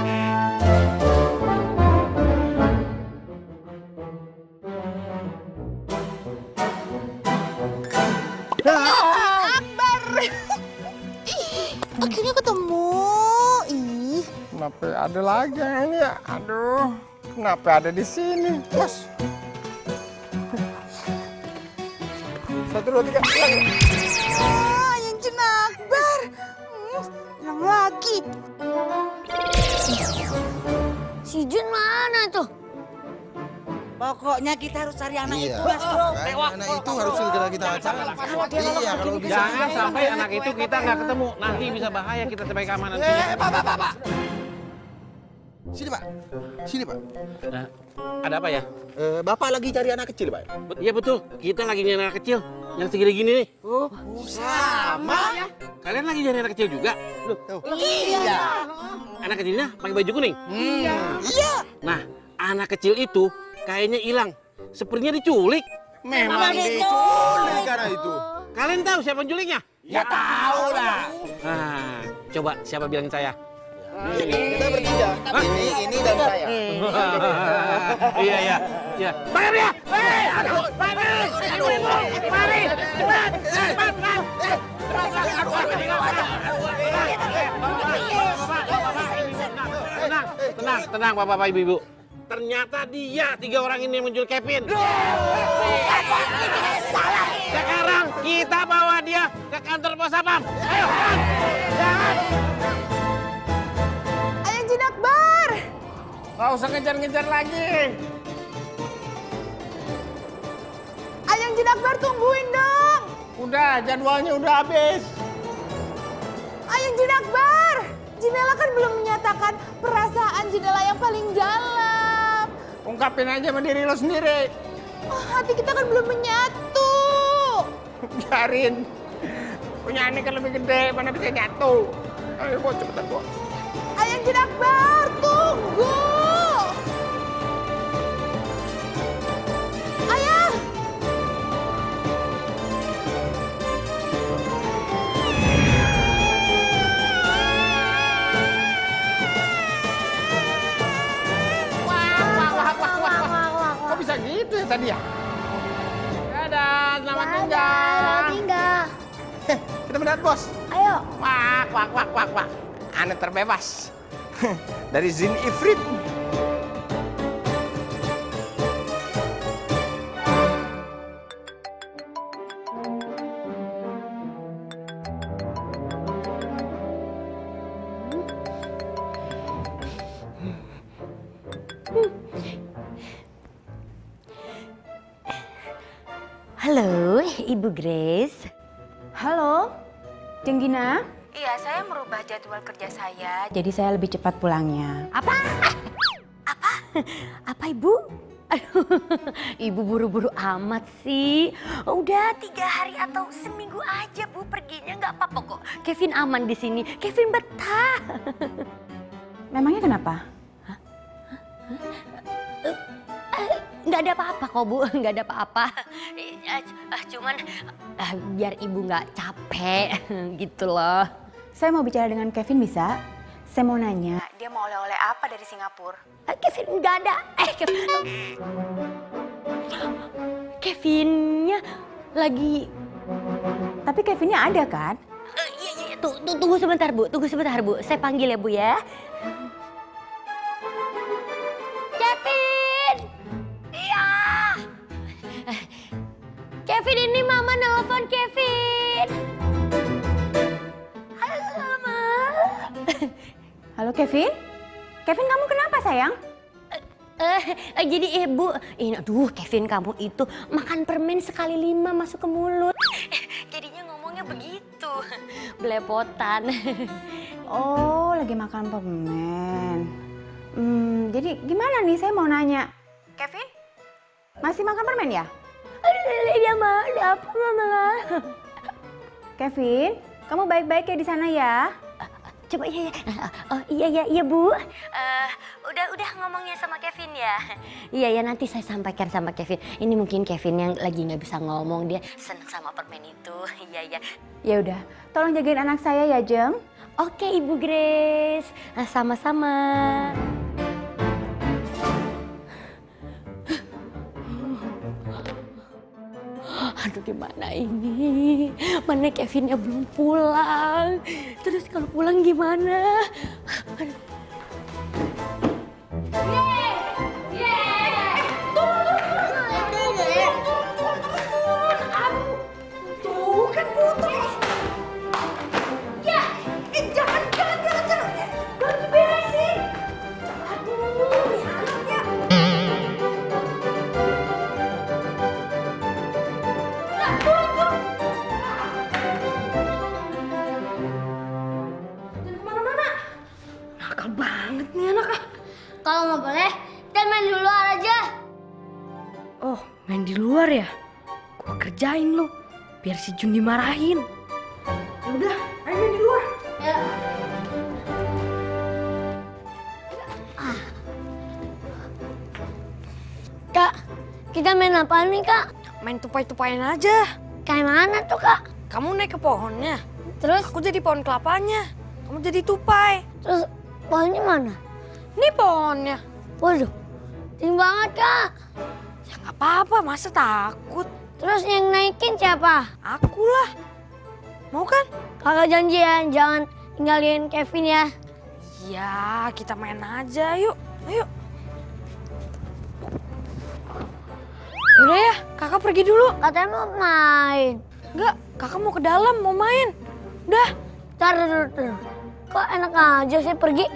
Akhirnya ketemu. Ih. Kenapa ada lagi ini ya? Aduh. Kenapa ada di sini? Bos. Satu, dua, tiga lagi. Si Jun mana tuh? Pokoknya kita harus cari anak iya. itu, Bas, Bro. Kan? Lewat anak itu harus segera kita cari. Iya, kalau bisa. Jangan sampai anak itu kita nggak ketemu. Nanti bisa bahaya kita sampai keamanan eh, sini. Eh, Pak, Pak, Pak, Pak. Sini, Pak. Sini, Pak. Nah, ada apa ya? Eh, Bapak lagi cari anak kecil, Pak. Iya, betul. Kita lagi nyari anak kecil yang segini gini nih. Oh, sama. ya. Kalian lagi nyari anak kecil juga? Loh, tahu iya. Anak kecilnya pakai baju kuning? Iya. Hmm. Iya. Nah, anak kecil itu kayaknya hilang. Sepertinya diculik. Memang, Memang diculik karena itu. Kalian tahu siapa penculiknya? Ya, ya tahu lah. Nah, coba siapa bilangin saya? kita bertiga. Ini ini dan saya. [laughs] Iya iya. Iya. Bayar ya. Eh, aduh, bayar. Mari, cepat, cepat, Tenang, tenang, tenang, bapak-bapak, ibu-ibu. Ternyata dia tiga orang ini yang muncul Kevin. Sekarang kita bawa dia ke kantor pos Ayo, jangan. Jinakbar, Akbar. Gak usah ngejar-ngejar lagi. Ayang Jin Akbar tungguin dong. Udah, jadwalnya udah habis. Ayang Jin Akbar, Jinela kan belum menyatakan perasaan Jinela yang paling jalan. Ungkapin aja sama diri lo sendiri. Oh, hati kita kan belum menyatu. [laughs] Biarin. Punya aneh kan lebih gede, mana bisa nyatu. Ayo, gue cepetan, gue. Ayang Jenakbar, tunggu! Ayang! Wah, wah, wah, wah, wah, wah, wah. Kok bisa gitu ya tadi ya? selamat tinggal. Selamat tinggal. [laughs] Kita mendarat, Bos. Ayo. Wah, wah, wah, wah, wah ane terbebas [laughs] dari zin ifrit. Halo, Ibu Grace. Halo, Jenggina. Iya, saya merupakan jadwal kerja saya, jadi saya lebih cepat pulangnya. Apa? Eh, apa? [laughs] Apa ibu? ibu buru-buru amat sih. Udah tiga hari atau seminggu aja bu perginya nggak apa-apa kok. Kevin aman di sini. Kevin betah. Memangnya kenapa? Eh, eh, nggak ada apa-apa kok bu, [laughs] nggak ada apa-apa. Cuman biar ibu nggak capek [laughs] gitu loh. Saya mau bicara dengan Kevin bisa? Saya mau nanya, nah, dia mau oleh-oleh apa dari Singapura? Eh, Kevin nggak ada. Eh, Kevin. Kevinnya lagi. Tapi Kevinnya ada kan? Uh, iya, iya, tuh, iya. tuh, tunggu sebentar Bu, tunggu sebentar Bu. Saya panggil ya Bu ya. Kevin! Iya! Eh, Kevin ini mama nelpon Kevin. Halo Kevin? Kevin kamu kenapa sayang? Uh, uh, jadi ibu, ini aduh Kevin kamu itu makan permen sekali lima masuk ke mulut. Eh, jadinya ngomongnya begitu, belepotan. Oh, lagi makan permen. Hmm, jadi gimana nih saya mau nanya. Kevin, masih makan permen ya? Dia mau, apa mama? Kevin, kamu baik-baik ya di sana ya? coba iya iya. Nah, oh iya iya iya Bu. Uh, udah udah ngomongnya sama Kevin ya. Iya ya nanti saya sampaikan sama Kevin. Ini mungkin Kevin yang lagi nggak bisa ngomong dia seneng sama permen itu. [laughs] Iya iya. Ya udah, tolong jagain anak saya ya Jeng. Oke Ibu Grace, nah, sama-sama. Nah, aduh gimana ini mana Kevinnya belum pulang terus kalau pulang gimana aduh. Yeay! main di luar ya? Gue kerjain lo, biar si Jun dimarahin. Ya udah, ayo main di luar. Ya. Kak, kita main apa nih kak? Main tupai-tupain aja. Kayak mana tuh kak? Kamu naik ke pohonnya. Terus? Aku jadi pohon kelapanya. Kamu jadi tupai. Terus pohonnya mana? Ini pohonnya. Waduh, tinggi banget kak. Ya nggak apa-apa, masa takut? Terus yang naikin siapa? Aku lah. Mau kan? Kakak janji ya, jangan tinggalin Kevin ya. Iya, kita main aja yuk. Ayo. Udah ya, kakak pergi dulu. Katanya mau main. Enggak, kakak mau ke dalam, mau main. Udah. Ntar, Kok enak aja sih pergi?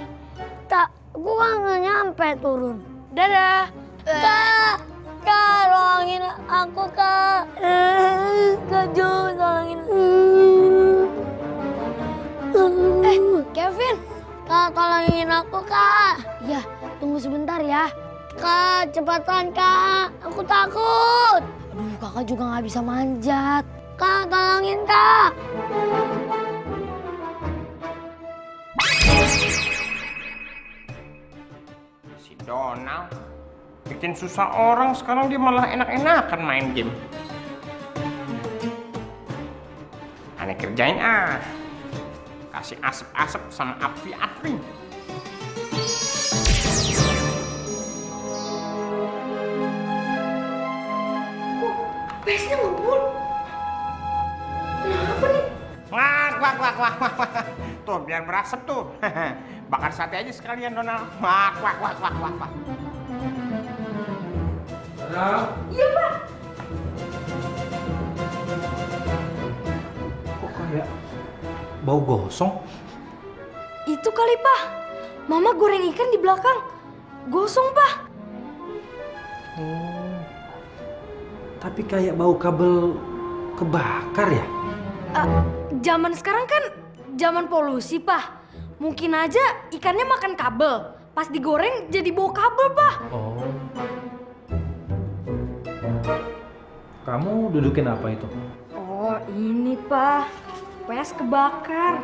Tak, gua nggak nyampe turun. Dadah. Dadah. Kak, tolongin aku, Kak. Kak Jo, tolongin. Eh, Kevin. Kak, tolongin aku, Kak. Iya, tunggu sebentar ya. Kak, cepatan Kak. Aku takut. Aduh, kakak juga nggak bisa manjat. Kak, tolongin, Kak. Si Donald. Bikin susah orang, sekarang dia malah enak-enakan main game. Aneh kerjain ah. Kasih asap-asap sama api atri. Besnya ngebul. Kenapa nih? Wah, wah, wah, wah, wah, wah. Tuh, biar berasap tuh. [laughs] Bakar sate aja sekalian, Donald. Wah, wah, wah, wah, wah, wah. Iya, Pak. Kok kayak bau gosong? Itu kali, Pak. Mama goreng ikan di belakang. Gosong, Pak. Hmm. Tapi kayak bau kabel kebakar ya? Uh, zaman sekarang kan zaman polusi, Pak. Mungkin aja ikannya makan kabel. Pas digoreng jadi bau kabel, Pak. Oh. Kamu dudukin apa itu? Oh, ini, Pak. PS kebakar.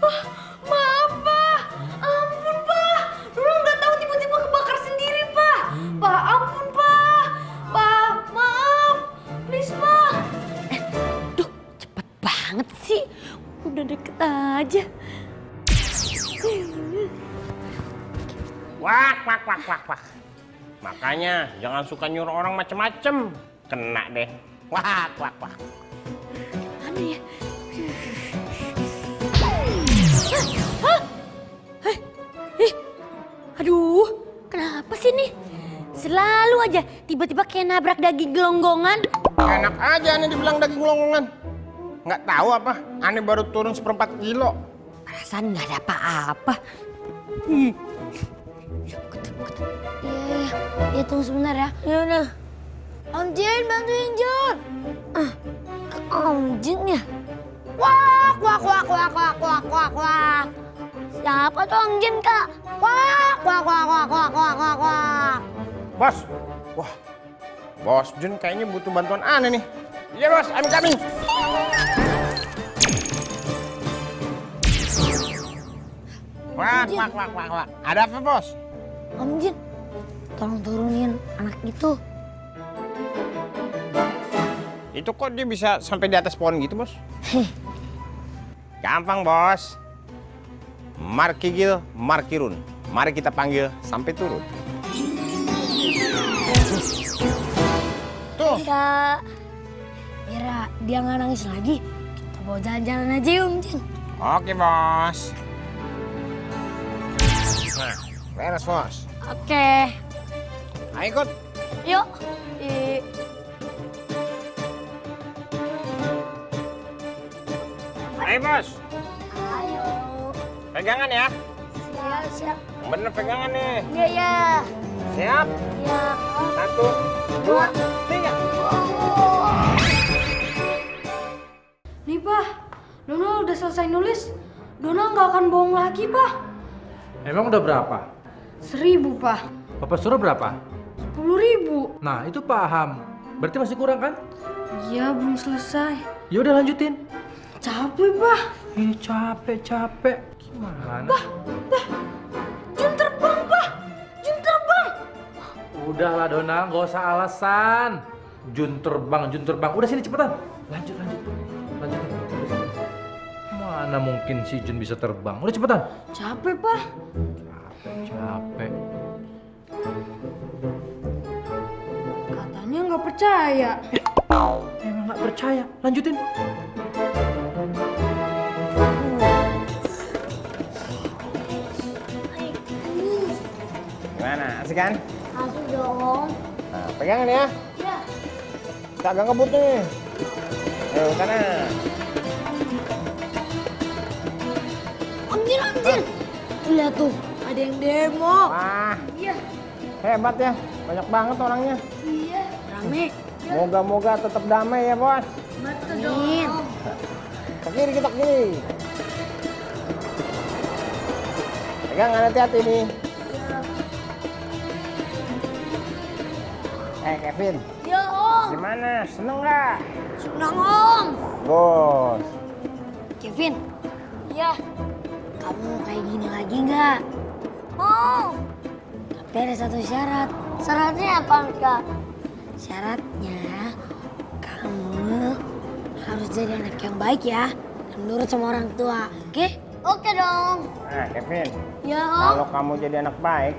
Oh, maaf, Pak. Ampun, Pak. Dulu nggak tahu tiba-tiba kebakar sendiri, Pak. Pak, ampun, Pak. Pak, maaf. Please, Pak. Eh, duh, cepet banget sih. Udah deket aja. Wak, wak, wak, wak, wak. Makanya jangan suka nyuruh orang macem-macem. Kena deh. Wak, wak, wak. ya? Aduh, kenapa sih nih? Selalu aja tiba-tiba kayak nabrak daging gelonggongan. Enak aja aneh dibilang daging gelonggongan. Nggak tahu apa, aneh baru turun seperempat kilo. Perasaan nggak ada apa-apa. Hmm. Iya, iya. Ya, tunggu sebentar ya. Ya udah. Om Jin, bantuin Jun. Om Jin ya? Wah, kuak, kuak, kuak, kuak, kuak, kuak, kuak. Siapa tuh Om Jin, Kak? Wah, kuak, kuak, kuak, kuak, kuak, kuak, kuak. Bos, wah, Bos Jun kayaknya butuh bantuan aneh nih. Iya bos, I'm coming. Wah, wak, wak, wak, wak. Ada apa bos? Om Jin, tolong turunin anak itu. Itu kok dia bisa sampai di atas pohon gitu, Bos? Gampang, Bos. Markigil, Markirun. Mari kita panggil sampai turun. Tuh. Kak. Mira, dia nggak nangis lagi. Kita bawa jalan-jalan aja Om Jin. Oke, Bos. Nah, beres, Bos. Oke. Okay. Nah, Ayo ikut. Yuk. I... Ayo bos. Ayo. Pegangan ya. Siap, siap. Bener pegangan nih. Iya, iya. Siap? Iya. Satu, dua, tiga. Nih, Pak. Donald udah selesai nulis. Donald nggak akan bohong lagi, Pak. Emang udah berapa? Seribu, Pak. Bapak suruh berapa? Sepuluh ribu. Nah, itu paham. Berarti masih kurang, kan? Iya, belum selesai. Ya udah lanjutin. Capek, Pak. Ih, capek, capek. Gimana? Pak, Pak. Jun terbang, Pak. Jun terbang. Udahlah, Dona. Nggak usah alasan. Jun terbang, Jun terbang. Udah sini, cepetan. Lanjut, lanjut. Lanjut. Mana mungkin si Jun bisa terbang? Udah cepetan. Capek, Pak capek katanya nggak percaya ya, emang nggak percaya lanjutin Gimana? Asik kan? Asik dong. Nah, pegangan ya. Iya. Tak agak ngebut nih. Ayo, sana. Anjir, anjir. Lihat tuh ada yang demo. Wah. Iya. Hebat ya. Banyak banget orangnya. Iya. Rame. Moga-moga tetap damai ya, Bos. Betul dong. Ke kiri kita kiri. Pegang hati-hati nih. Eh, Kevin. Yo, Om. Gimana? Seneng nggak? Seneng, Om. Bos. Kevin. Ya. Kamu kayak gini lagi nggak? mau. Tapi ada satu syarat. Syaratnya apa, Kak? Syaratnya kamu harus jadi anak yang baik ya. Dan nurut sama orang tua, oke? Okay? Oke dong. Nah, Kevin. Ya, Om. Kalau kamu jadi anak baik,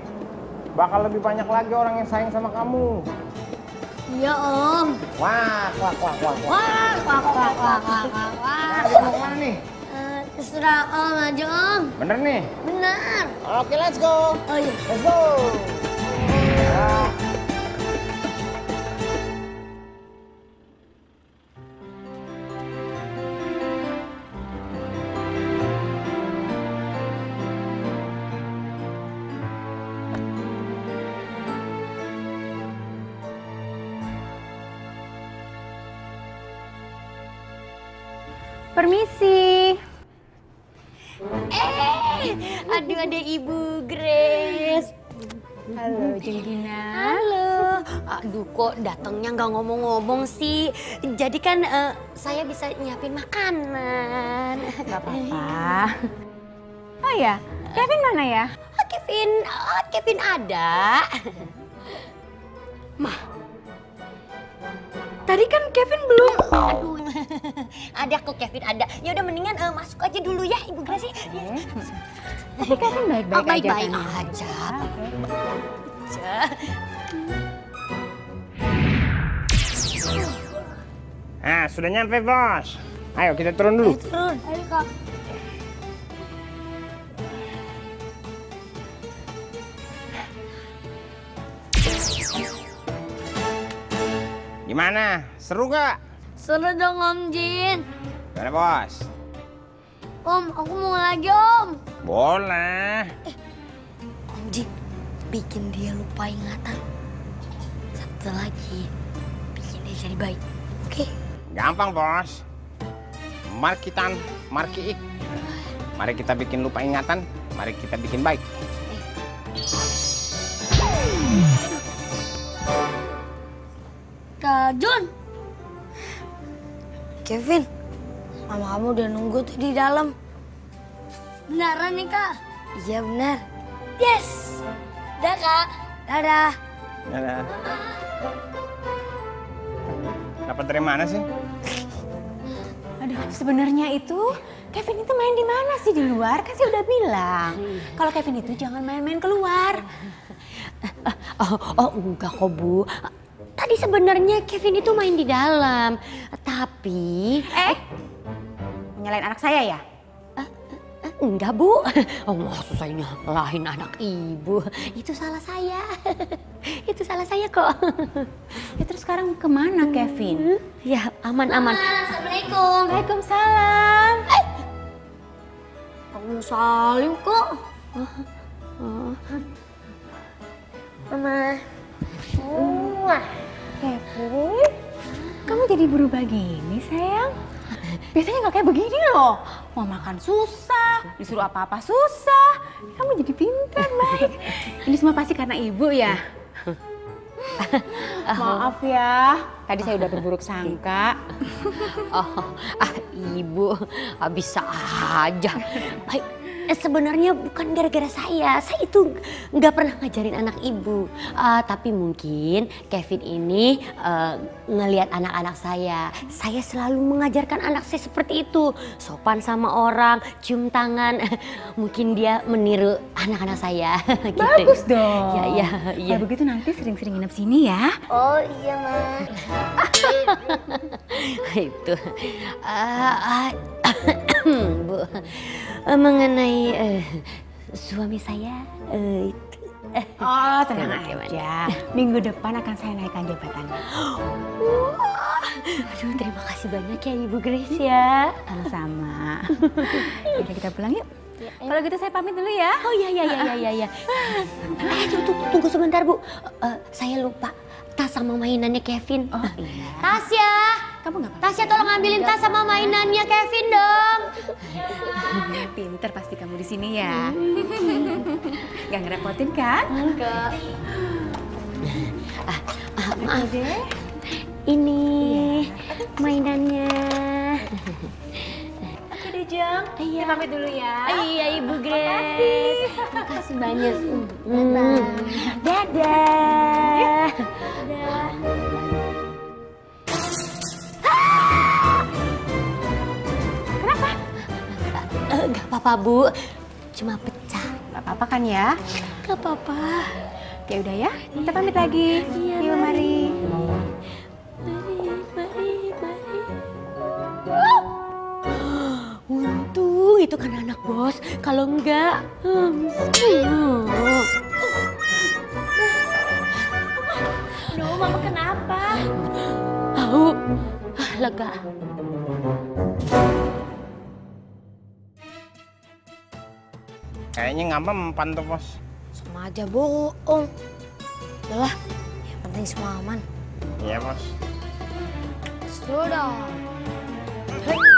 bakal lebih banyak lagi orang yang sayang sama kamu. Iya, Om. Wah, wah, wah, wah. Wah, wah, wah, wah, wah, wah. wah. Nah, mau kemana nih? Terserah Om aja Om. Bener nih? Bener. Oke, let's go. Oh iya. Let's go. Permisi. Aduh ada Ibu Grace. Halo Jenggina. Halo. Aduh kok datangnya nggak ngomong-ngomong sih. Jadi kan uh, saya bisa nyiapin makanan. Gak apa-apa. Oh ya, Kevin mana ya? Oh, Kevin, oh, Kevin ada. Mah, tadi kan Kevin belum. Aduh, ada kok Kevin ada. Ya udah mendingan uh, masuk aja dulu ya Ibu Grace. Ya. Okay. Dika kan baik-baik oh, baik -baik aja. Baik-baik kan ya? aja. aja. Nah, sudah nyampe, Bos. Ayo, kita turun dulu. Ayo, turun. Ayo, Kak. Gimana? Seru gak? Seru dong Om Jin. Gimana bos? Om, aku mau lagi Om. Boleh. Eh, Om Jin, bikin dia lupa ingatan. Satu lagi, bikin dia jadi baik. Oke? Okay? Gampang, Bos. Markitan, markiik. Mari kita bikin lupa ingatan, mari kita bikin baik. Kak John. Kevin, mama kamu udah nunggu tuh di dalam. Beneran nih kak? Iya benar. Yes. Dah kak. Dadah. Dadah. Dapat dari mana sih? Aduh, sebenarnya itu Kevin itu main di mana sih di luar? Kan sih udah bilang. Kalau Kevin itu jangan main-main keluar. Eh, eh, oh, oh enggak kok Bu. Tadi sebenarnya Kevin itu main di dalam. Tapi eh, eh nyalain anak saya ya? Enggak bu, oh, maksud saya nyalahin anak ibu. Itu salah saya, [laughs] itu salah saya kok. [laughs] Ya terus sekarang kemana Kevin? Hmm? Ya aman-aman. Assalamualaikum. Waalaikumsalam. Eh! Kamu salim kok. Mama. Wah. Kevin, kamu jadi berubah gini sayang? Biasanya nggak kayak begini loh mau makan susah, disuruh apa-apa susah. Kamu jadi pintar, baik. [laughs] Ini semua pasti karena ibu ya. [laughs] Maaf ya, tadi saya udah berburuk sangka. [laughs] Oh, ah, ibu, ah, bisa aja. Sebenarnya bukan gara-gara saya, saya itu nggak pernah ngajarin anak ibu. Uh, tapi mungkin Kevin ini uh, ngelihat anak-anak saya. Saya selalu mengajarkan anak saya seperti itu. Sopan sama orang, cium tangan. [laughs] Mungkin dia meniru anak-anak saya. [laughs] Gitu. Bagus dong. Ya, ya, ya. Kalau begitu nanti sering-sering nginep sini ya. Oh iya, Ma. [laughs] itu. Uh, uh, [coughs] Bu, eh, mengenai uh, suami saya... Uh, Eh, oh, tenang aja. Gimana? Minggu depan akan saya naikkan jabatannya. Wah, aduh terima kasih banyak ya Ibu Grace ya. Sama-sama. [laughs] Yaudah kita pulang yuk. Ya, ya, Kalau gitu saya pamit dulu ya. Oh iya iya iya iya iya. Ya. Eh tunggu, tunggu sebentar Bu. Uh, saya lupa tas sama mainannya Kevin. Oh iya. Tasya. Kamu nggak apa-apa. Tasya tolong ambilin tas sama mainannya Kevin dong. Pinter pasti kamu di sini ya. [laughs] Gak ngerepotin kan? Enggak. ah, ah, iya. maaf. Ini mainannya. Oke deh, Jeng. Iya. Kita pamit dulu ya. Oh iya, Ibu Grace. Makasih. Makasih banyak. [laughs] Dadah. Dadah. Dadah. Eh, Gak apa-apa, Bu. Cuma pecah. Gak apa-apa kan ya? Gak apa-apa. Ya udah ya, kita pamit lagi. Iya, Yuk, mari. Mari, [gasps] Untung itu kan anak bos. Kalau enggak... Hmm, um, Duh, mama kenapa? aku ah, lega. Kayaknya nggak mempan tuh, Bos. Sama aja bohong. lah, yang penting semua aman. Iya, Bos. Sudah. Hei.